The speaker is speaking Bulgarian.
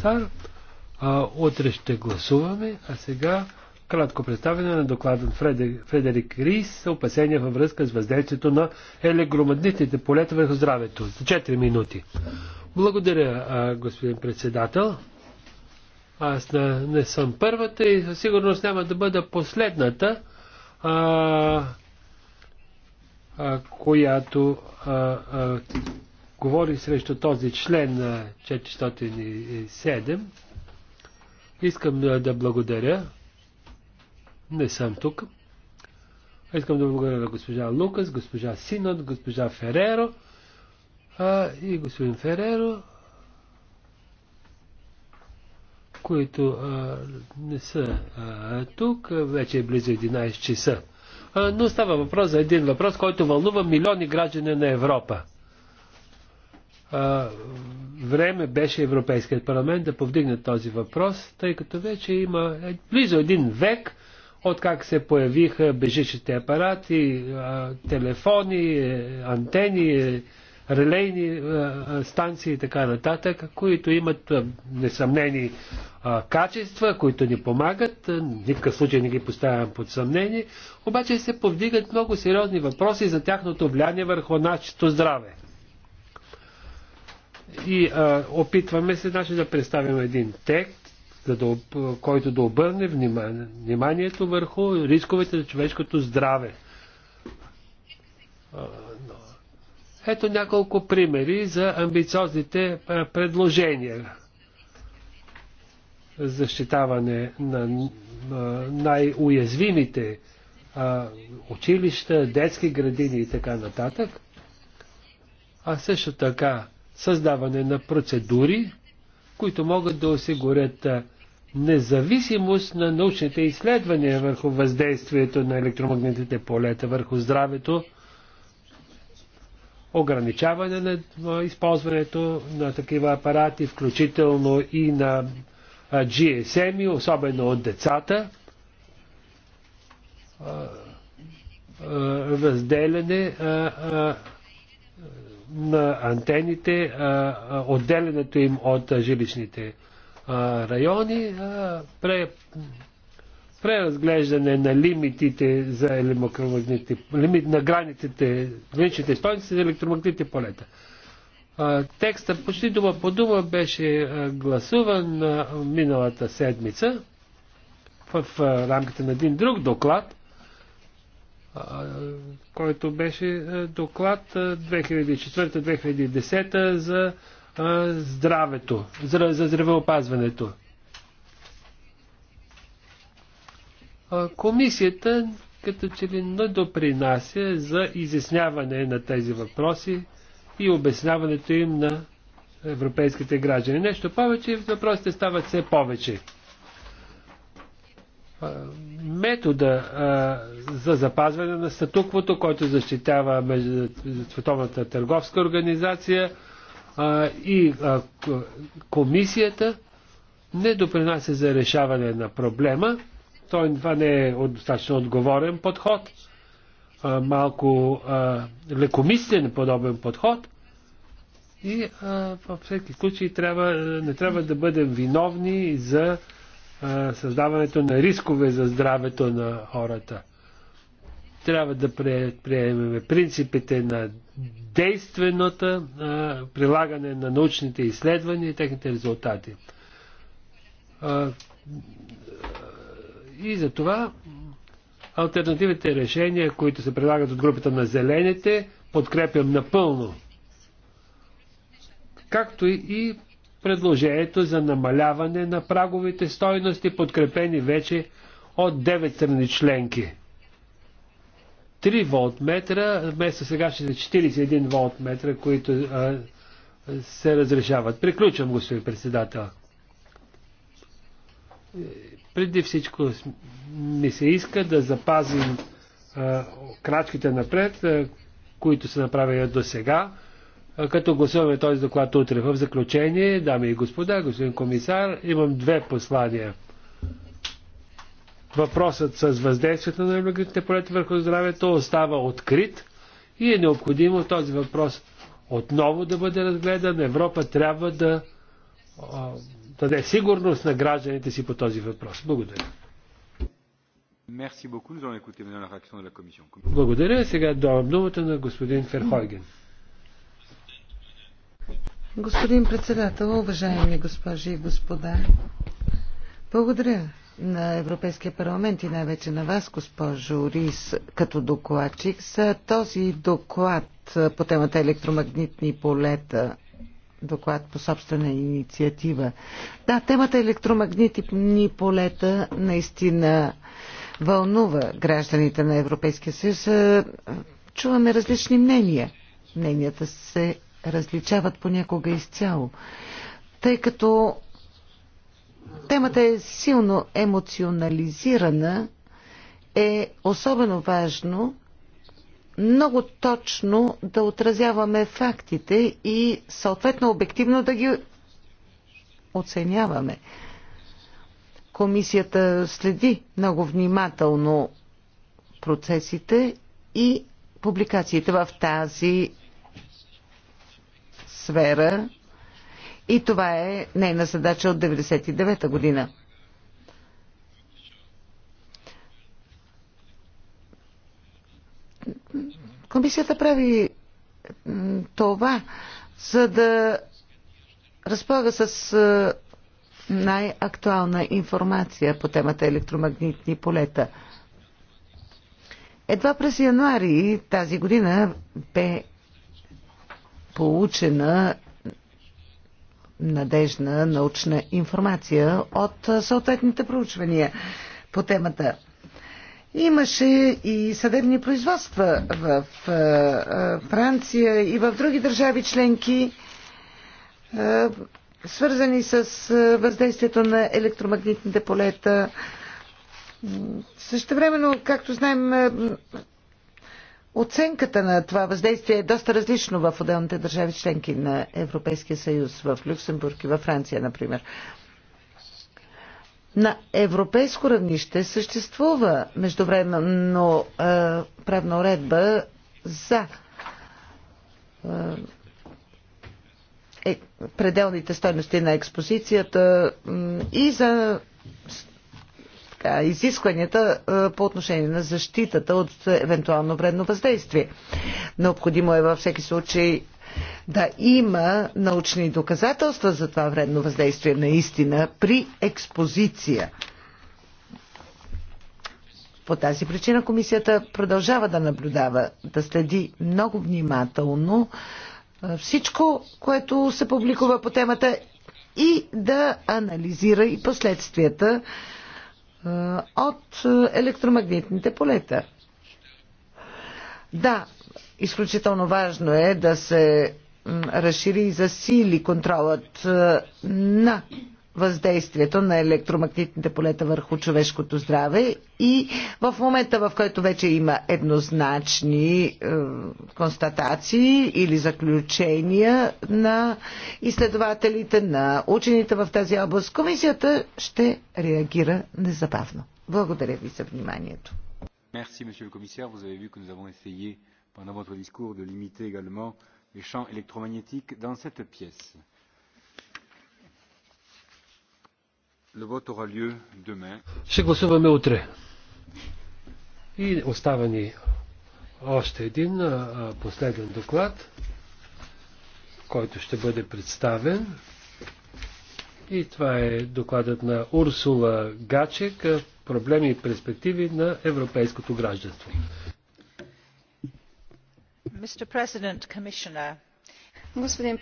цар. А, утре ще гласуваме, а сега кратко представяне на доклада от Фредерик Рис, опасения във връзка с въздействието на електромагнитните полета върху здравето. За 4 минути. Благодаря, а, господин председател. Аз не, не съм първата и със сигурност няма да бъда последната, а, а, която а, а, говори срещу този член 407. Искам да благодаря. Не съм тук. Искам да благодаря на госпожа Лукас, госпожа Синот, госпожа Фереро а, и господин Фереро, които а, не са а, тук. Вече е близо 11 часа. А, но става въпрос за един въпрос, който вълнува милиони граждани на Европа време беше Европейският парламент да повдигне този въпрос, тъй като вече има е, близо един век от как се появиха бежичните апарати, телефони, е, антени, е, релейни станции и така нататък, които имат несъмнени качества, които ни помагат. Никакъв случай не ги поставям под съмнение. Обаче се повдигат много сериозни въпроси за тяхното влияние върху нашето здраве. И а, опитваме се значи, да представим един текст, за да, който да обърне внимание, вниманието върху рисковете за човешкото здраве. Ето няколко примери за амбициозните предложения. Защитаване на най-уязвимите училища, детски градини и така нататък. А също така създаване на процедури, които могат да осигурят независимост на научните изследвания върху въздействието на електромагнитните полета, върху здравето, ограничаване на използването на такива апарати, включително и на GSM, особено от децата, разделяне на антените, отделянето им от жилищните райони, преразглеждане на лимитите за електромагнитните, лимит на границите, граничните стойности за електромагнитните полета. Текстът почти дума по дума беше гласуван миналата седмица в рамките на един друг доклад който беше доклад 2004-2010 за здравето, за, здравеопазването. Комисията като че ли не допринася за изясняване на тези въпроси и обясняването им на европейските граждани. Нещо повече, въпросите стават все повече метода а, за запазване на статуквото, който защитава Световната търговска организация а, и а, комисията, не допринася за решаване на проблема. Той, това не е достатъчно отговорен подход, а, малко а, лекомислен подобен подход. И а, във всеки случай трябва, не трябва да бъдем виновни за създаването на рискове за здравето на хората. Трябва да приемеме принципите на действеното прилагане на научните изследвания и техните резултати. И за това альтернативните решения, които се предлагат от групата на зелените, подкрепям напълно. Както и предложението за намаляване на праговите стойности, подкрепени вече от 9 страни членки. 3 волтметра, вместо сега ще са 41 волтметра, които а, се разрешават. Приключвам, господин председател. Преди всичко ми се иска да запазим а, крачките напред, а, които се направили до сега като гласуваме този доклад утре в заключение, дами и господа, господин комисар, имам две послания. Въпросът с въздействието на енергетичните полети върху здравето остава открит и е необходимо този въпрос отново да бъде разгледан. Европа трябва да даде сигурност на гражданите си по този въпрос. Благодаря. Благодаря. Сега давам думата на господин Ферхойген. Господин председател, уважаеми госпожи и господа, благодаря на Европейския парламент и най-вече на вас, госпожо Рис, като докладчик за този доклад по темата електромагнитни полета доклад по собствена инициатива. Да, темата електромагнитни полета наистина вълнува гражданите на Европейския съюз. Чуваме различни мнения. Мненията се различават понякога изцяло, тъй като темата е силно емоционализирана, е особено важно много точно да отразяваме фактите и съответно обективно да ги оценяваме. Комисията следи много внимателно процесите и публикациите в тази сфера и това е нейна задача от 1999 година. Комисията прави това, за да разполага с е, най-актуална информация по темата електромагнитни полета. Едва през януари тази година бе получена надежна научна информация от съответните проучвания по темата. Имаше и съдебни производства в е, е, Франция и в други държави членки, е, свързани с въздействието на електромагнитните полета. Също времено, както знаем, Оценката на това въздействие е доста различно в отделните държави членки на Европейския съюз, в Люксембург и във Франция, например. На европейско равнище съществува междувременно е, правна уредба за е, е пределните стойности на експозицията и за така, изискванията по отношение на защитата от евентуално вредно въздействие. Необходимо е във всеки случай да има научни доказателства за това вредно въздействие наистина при експозиция. По тази причина комисията продължава да наблюдава, да следи много внимателно всичко, което се публикува по темата и да анализира и последствията е, от електромагнитните полета. Да, изключително важно е да се разшири и засили контролът е, на въздействието на електромагнитните полета върху човешкото здраве и в момента, в който вече има еднозначни е, констатации или заключения на изследователите, на учените в тази област, комисията ще реагира незабавно. Благодаря ви за вниманието. Merci, monsieur le commissaire. Vous avez vu que nous avons essayé, pendant votre discours, de limiter également les champs électromagnétiques dans cette pièce. Ще гласуваме утре. И остава ни още един последен доклад, който ще бъде представен. И това е докладът на Урсула Гачек проблеми и перспективи на европейското гражданство. Господин